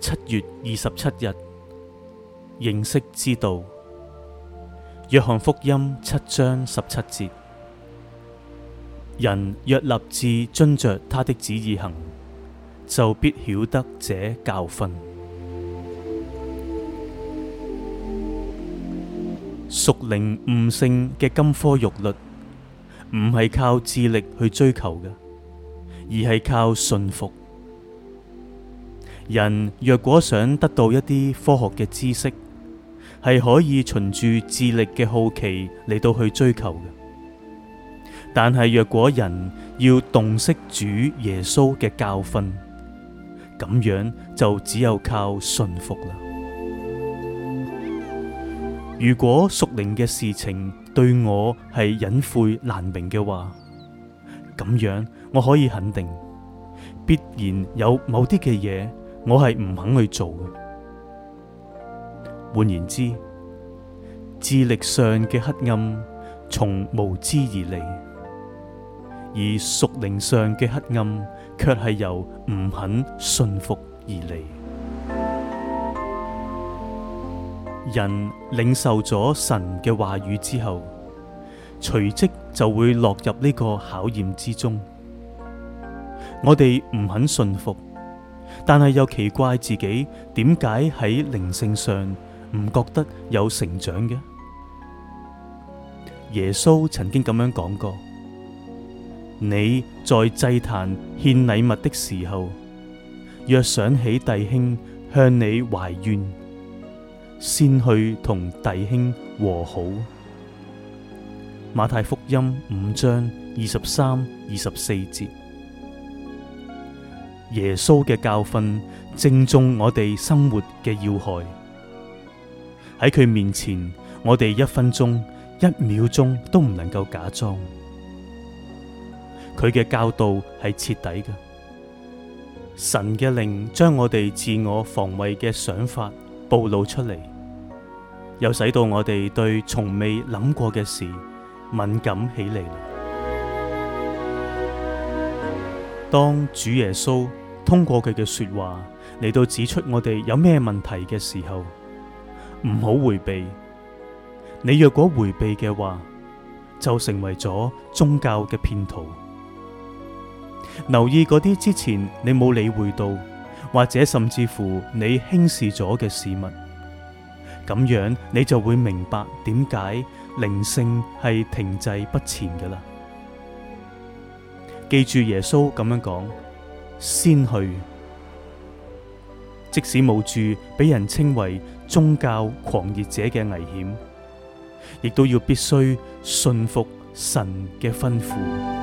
七月二十七日，認識之道。約翰福音七章十七節：人若立志遵着他的旨意行，就必曉得這教訓。屬靈悟性嘅金科玉律，唔係靠智力去追求嘅，而係靠信服。人若果想得到一啲科學嘅知識，係可以循住智力嘅好奇嚟到去追求嘅。但係若果人要洞悉主耶穌嘅教訓，咁樣就只有靠信服啦。如果屬靈嘅事情對我係隱晦難明嘅話，咁樣我可以肯定，必然有某啲嘅嘢。我係唔肯去做嘅。換言之，智力上嘅黑暗從無知而嚟，而屬靈上嘅黑暗卻係由唔肯信服而嚟。人領受咗神嘅話語之後，隨即就會落入呢個考驗之中。我哋唔肯信服。但係又奇怪自己點解喺靈性上唔覺得有成長嘅？耶穌曾經咁樣講過：「你在祭壇獻禮物的時候，若想起弟兄向你懷怨，先去同弟兄和好。」馬太福音五章二十三、二十四節。耶穌嘅教訓正中我哋生活嘅要害。喺佢面前，我哋一分鐘、一秒鐘都唔能夠假裝。佢嘅教導係徹底嘅。神嘅靈將我哋自我防衛嘅想法暴露出嚟，又使到我哋對從未諗過嘅事敏感起嚟。當主耶穌通過佢嘅說話嚟到指出我哋有咩問題嘅時候，唔好回避。你若果回避嘅話，就成為咗宗教嘅騙徒。留意嗰啲之前你冇理會到，或者甚至乎你輕視咗嘅事物，咁樣你就會明白點解靈性係停滯不前嘅啦。記住耶穌咁樣講。先去，即使冒住俾人稱為宗教狂熱者嘅危險，亦都要必須信服神嘅吩咐。